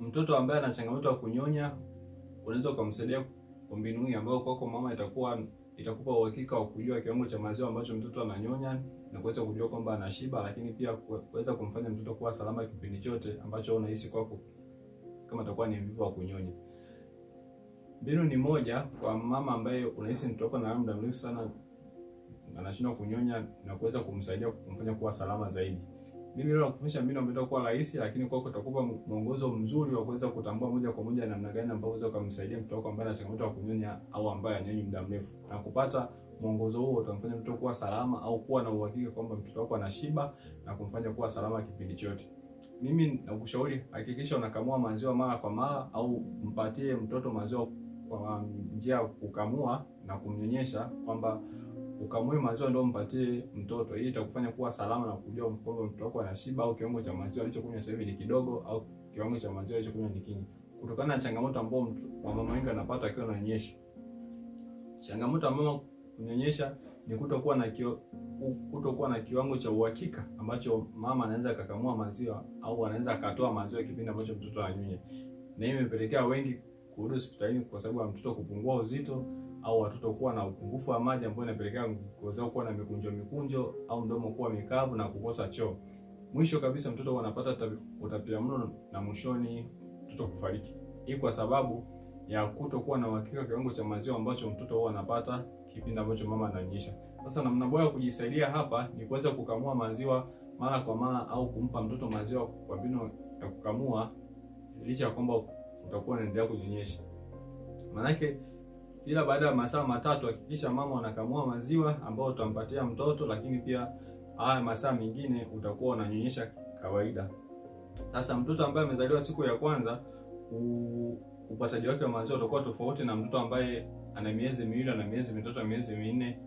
mtoto ambaye ana changamoto ya kunyonya unaweza ukamsaidia kwa mbinu hii ambayo kwako mama itakuwa itakupa uhakika wa kujua kiwango cha maziwa ambacho mtoto ananyonya na kuweza kujua kwamba ana shiba, lakini pia kuweza kumfanya mtoto kuwa salama kipindi chote ambacho unahisi kwako kama atakuwa ni mvivu wa kunyonya. Mbinu ni moja kwa mama ambaye unahisi mtoto wako na muda mrefu sana anashindwa kunyonya na kuweza kumsaidia kumfanya kuwa salama zaidi. Mimi leo nakufundisha mbinu ambayo itakuwa rahisi, lakini kwako itakupa mwongozo mzuri wa kuweza kutambua moja kwa moja namna gani ambayo unaweza kumsaidia mtoto wako ambaye ana changamoto ya kunyonya au ambaye ananyonyi muda mrefu. Na kupata mwongozo huo utamfanya mtoto kuwa salama au kuwa na uhakika kwamba mtoto wako anashiba na kumfanya kuwa salama kipindi chote. Mimi nakushauri hakikisha unakamua maziwa mara kwa mara au mpatie mtoto maziwa kwa njia ya kukamua na kumnyonyesha kwamba ukamue maziwa ndio mpatie mtoto. ili itakufanya kuwa salama na kujua kwamba mtoto wako anashiba au kiwango cha maziwa alichokunywa sasa hivi ni kidogo au kiwango cha maziwa alichokunywa ni kingi, kutokana na changamoto ambayo mama wengi anapata akiwa ananyonyesha. Changamoto ya mama kunyonyesha ni kutokuwa na kio, kutokuwa na kiwango cha uhakika ambacho mama anaweza akakamua maziwa au anaweza akatoa maziwa kipindi ambacho mtoto ananyonya, na hii imepelekea wengi kurudi hospitalini kwa sababu ya mtoto kupungua uzito au watoto kuwa na upungufu wa maji ambayo inapelekea ngozi kuwa na mikunjo mikunjo au mdomo kuwa mikavu na kukosa choo. Mwisho kabisa mtoto anapata utapiamlo na mwishoni mtoto kufariki. Hii kwa sababu ya kutokuwa na uhakika kiwango cha maziwa ambacho mtoto huwa anapata kipindi ambacho mama ananyonyesha. Sasa namna bora ya kujisaidia hapa ni kuweza kukamua maziwa mara kwa mara au kumpa mtoto maziwa kwa mbinu ya kukamua licha ya kwamba utakuwa unaendelea kunyonyesha. Maanake ila baada ya masaa matatu hakikisha mama anakamua maziwa ambayo utampatia mtoto, lakini pia haya masaa mengine utakuwa unanyonyesha kawaida. Sasa mtoto ambaye amezaliwa siku ya kwanza u, upataji wake wa maziwa utakuwa tofauti na mtoto ambaye ana miezi miwili, ana miezi mitatu, ana miezi minne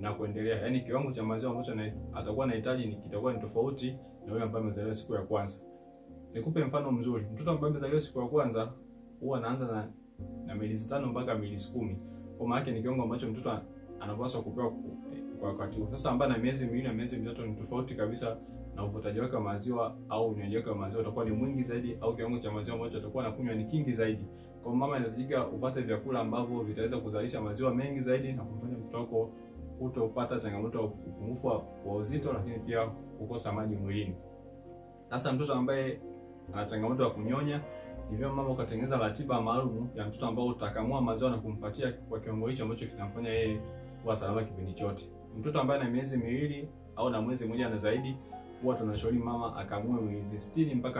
na kuendelea. Yaani kiwango cha maziwa ambacho na... atakuwa anahitaji ni kitakuwa ni tofauti na yule ambaye amezaliwa siku ya kwanza. Nikupe mfano mzuri. Mtoto ambaye amezaliwa siku ya kwanza huwa anaanza na na milisi tano mpaka milisi kumi. Kwa maana yake ni kiwango ambacho mtoto anapaswa kupewa kwa wakati huo. Sasa ambaye na miezi miwili na miezi mitatu ni tofauti kabisa na uvutaji wake wa maziwa au unywaji wake wa maziwa utakuwa ni mwingi zaidi au kiwango cha maziwa ambacho atakuwa anakunywa ni kingi zaidi. Kwa mama inahitajika upate vyakula ambavyo vitaweza kuzalisha maziwa mengi zaidi na kumfanya mtoto wako kutopata changamoto ya upungufu wa uzito, lakini pia kukosa maji mwilini. Sasa mtoto ambaye ana changamoto ya kunyonya hivyo mama ukatengeneza ratiba maalum ya mtoto ambao utakamua maziwa na kumpatia kwa kiwango hicho ambacho kitamfanya yeye kuwa salama kipindi chote. Mtoto ambaye ana miezi miwili au na mwezi mmoja na zaidi, huwa tunashauri mama akamue mwezi 60 mpaka